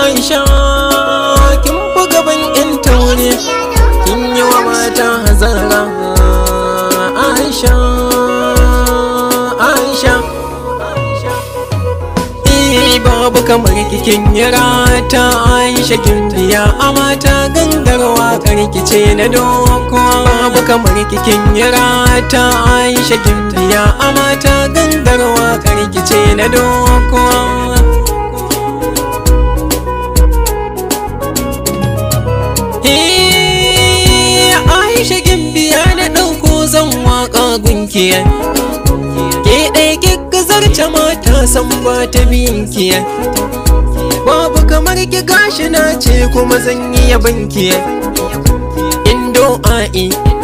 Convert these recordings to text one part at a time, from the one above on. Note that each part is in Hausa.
aisha kin buga gaban yan taure kin yi wa mata hazara aisha aisha eh, babu kamar kikin yara ta aisha gindiya a mata gangarwa karkice na doko babu kamar kikin yara ta aisha gindiya a mata gangarwa karkice na doko Eh, aisha gimbiya na ɗauko zan waka gunkiya ke ɗaya kika zarce mata san ba ta binkiya babu kamar ki gashi na ce kuma zan yi yabankiya indo a'i e.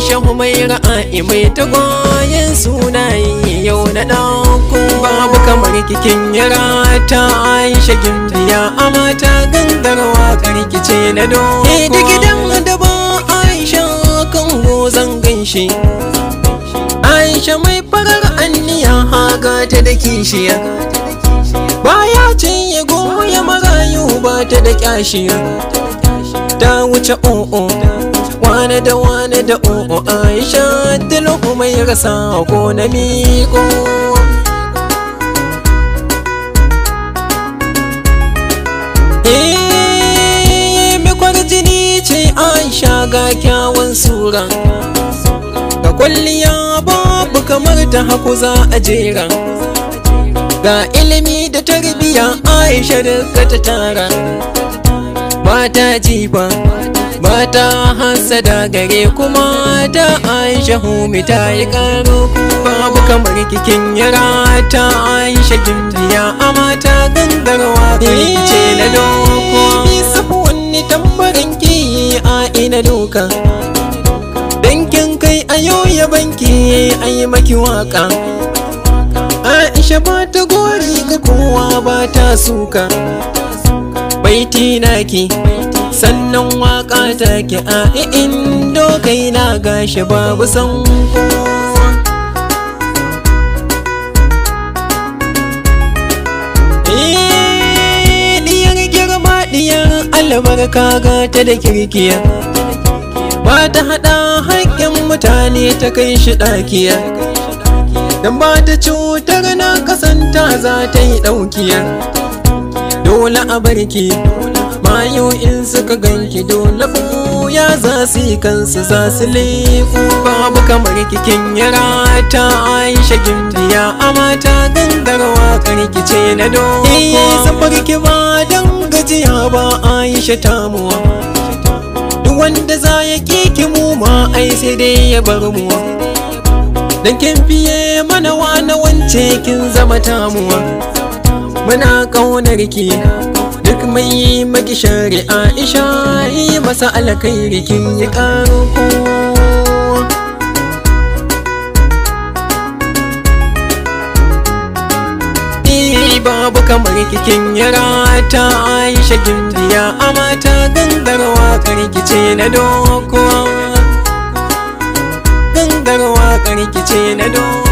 Aisha mai A'i mai ta goyen sunaye yau na ɗauko babu kamar kikin yara ta Aisha Gindiya a mata gangarwa karkice na doko. Eh da gidan da ba Aisha kan gozan ganshi. Aisha mai farar anniya haga ta da kishiya. Baya ce ya goya marayu ba ta da kyashiya. Ta wuce o'o. wane da wane da o'o aisha da mai rasa ko na miko eh, jini ce aisha ga kyawun sura ga kwalliya babu kamar ta haku za a jera ga ilimi da tarbiya aisha da ta tara mata jifa mata hasada gare kuma ta aisha humi ta yi karo babu kamar kikin yara ta aisha gindiya a mata gangarwa kai ce na doko bisa wani tambarin ki a ina doka Bankin kai a yau ya banki yi maki waka aisha ba ta gori ga kowa ba ta suka baiti naki sannan waka take a i'in dokai na gashi babu san eh, albarka ga ta da kirkiya ba ta haɗa haƙƙin mutane ta kai shi ɗakiya don ba ta cutar na kasanta za ta yi ɗaukiya dole a barki mayu in suka ganki dole ya za su yi kansu za su lefu babu kamar kikin yara ta aisha gindiya a mata gangarwa karkice na doko eh, eh ki ba don gajiya ba aisha tamuwa duk wanda za ya kiki mu ma ai sai dai ya bar mu dan kin fiye mana wa na wance kin zama tamuwa muna ƙaunar ki duk mai yi maki shari'a isha yi masa alkhairi kin yi ƙaro babu kamar kikin yara ta aisha gindiya a mata gangarwa karkice na doko gangarwa karkice na doko